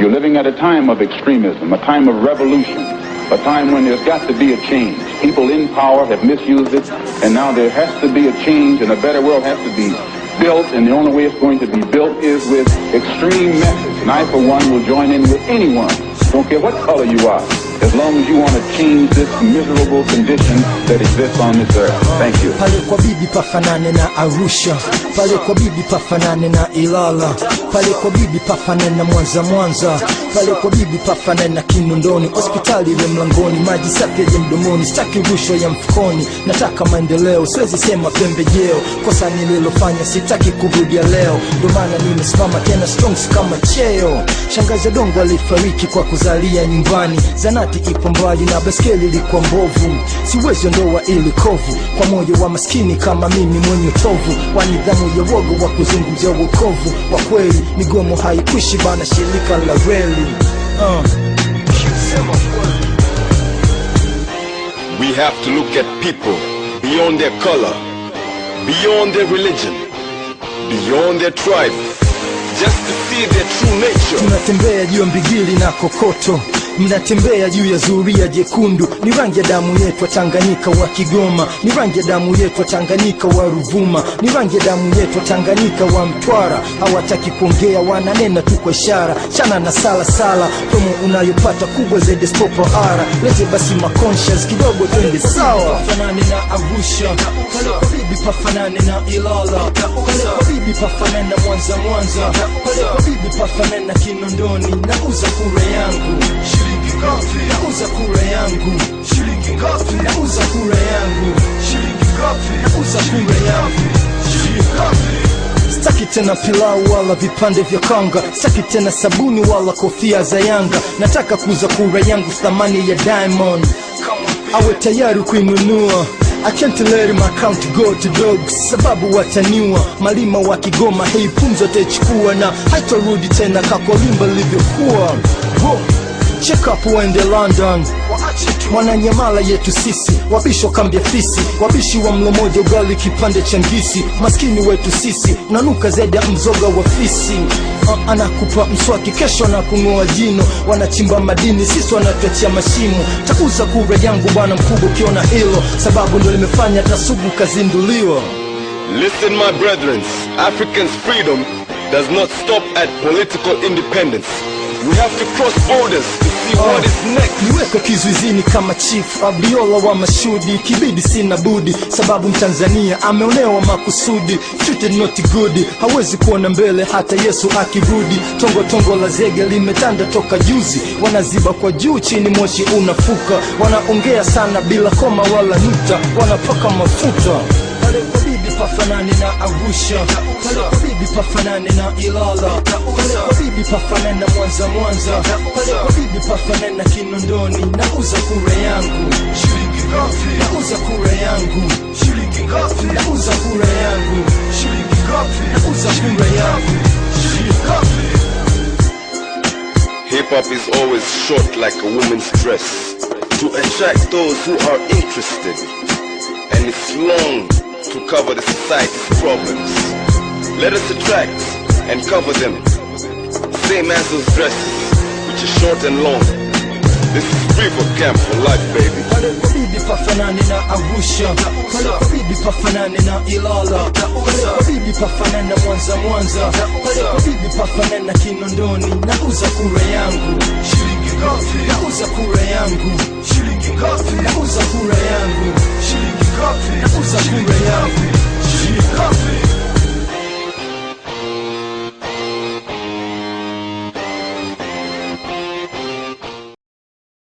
You're living at a time of extremism, a time of revolution, a time when there's got to be a change. People in power have misused it, and now there has to be a change, and a better world has to be built, and the only way it's going to be built is with extreme methods. And I, for one, will join in with anyone, don't care what color you are, as long as you want to change this miserable condition that exists on this earth. Thank you. pale kwa bibi pafanane na Ilala, pale kwa bibi pafanane na Mwanza Mwanza, pale kwa bibi pafanane na Kinondoni, hospitali iwe mlangoni, maji safi ya mdomoni, sitaki rushwa ya mfukoni, nataka maendeleo, siwezi sema pembejeo. Kosa nililofanya sitaki kurudia leo, ndio maana nimesimama tena strong kama cheo. Shangazi Dongo alifariki kwa kuzalia nyumbani, zanati ipo mbali na baskeli ilikuwa mbovu, siwezi ondoa ili kovu kwa moyo wa maskini kama mimi mwenye tovu wa sehemu ya wogo wa kuzungumzia wokovu wa kweli. Migomo haikwishi bana, shirika la reli uh. We have to look at people beyond their color, beyond their religion, beyond their tribe, just to see their true nature. Tunatembea juu ya mbigili na kokoto mnatembea juu ya zuria jekundu, ni rangi ya damu yetu Watanganyika wa Kigoma, ni rangi ya damu yetu tanganyika wa Ruvuma, ni rangi ya damu yetu Watanganyika wa Mtwara. Hawataki kuongea, wananena tu kwa ishara. Chana na sala sala, promo unayopata kubwa zaidi, stopo ara lete basi conscious kidogo, twende sawa na Mwanza Mwanza, pale bibi na Kinondoni, nauza kura yangu. Shilingi ya uza kura yangu. Shilingi ya uza kura yangu. Shilingi ya uza kura yangu. Shilingi ngapi? Staki tena pilau wala vipande vya kanga, staki tena sabuni wala kofia za Yanga. Nataka kuuza kura yangu thamani ya diamond, awe tayari kuinunua. I can't let my account go to dogs, sababu wataniwa malima wa Kigoma. Hii pumzo taichukua na haitorudi tena, kakwa kakolimba livyokuwa check up waende London, mwananyamala yetu sisi, wabisho kambya fisi, wabishi wa mlomoja ugali kipande cha ngisi, maskini wetu sisi, nanuka zaidi ya mzoga wa fisi. anakupa mswaki, kesho anakung'oa jino, wanachimba madini, sisi wanatuachia mashimo. Tauza kura yangu bwana mkubwa, ukiona hilo, sababu ndo limefanya tasugu kazinduliwa. Listen my brethren, Africans freedom does not stop at political independence. We have to cross borders niweke kizuizini kama chief Abriola wa mashudi, kibidi sina budi, sababu mtanzania ameonewa makusudi, treated good, hawezi kuona mbele hata Yesu akirudi. Tongo tongo la zege limetanda toka juzi, wanaziba kwa juu, chini moshi unafuka, wanaongea sana bila koma wala nuta, wanapaka mafuta pafanane na Arusha, pale pafanane na Ilala, pale pafanane na Mwanza Mwanza, pale pafanane na Kinondoni. Nauza kura yangu Nauza kura yangu Nauza kura yangu Nauza kura yangu Hip hop is always short like a woman's dress to attract those who are interested and it's long to cover the society's problems. Let us attract and cover them. Same as those dresses, which are short and long. This is River Camp for life, baby. Pale kwa Ilala Mwanza Mwanza na Nauza kura yangu Shilingi ngapi? Nauza kura yangu Shilingi ngapi? Nauza kura yangu coffee. am kumbe yangu. She's coffee.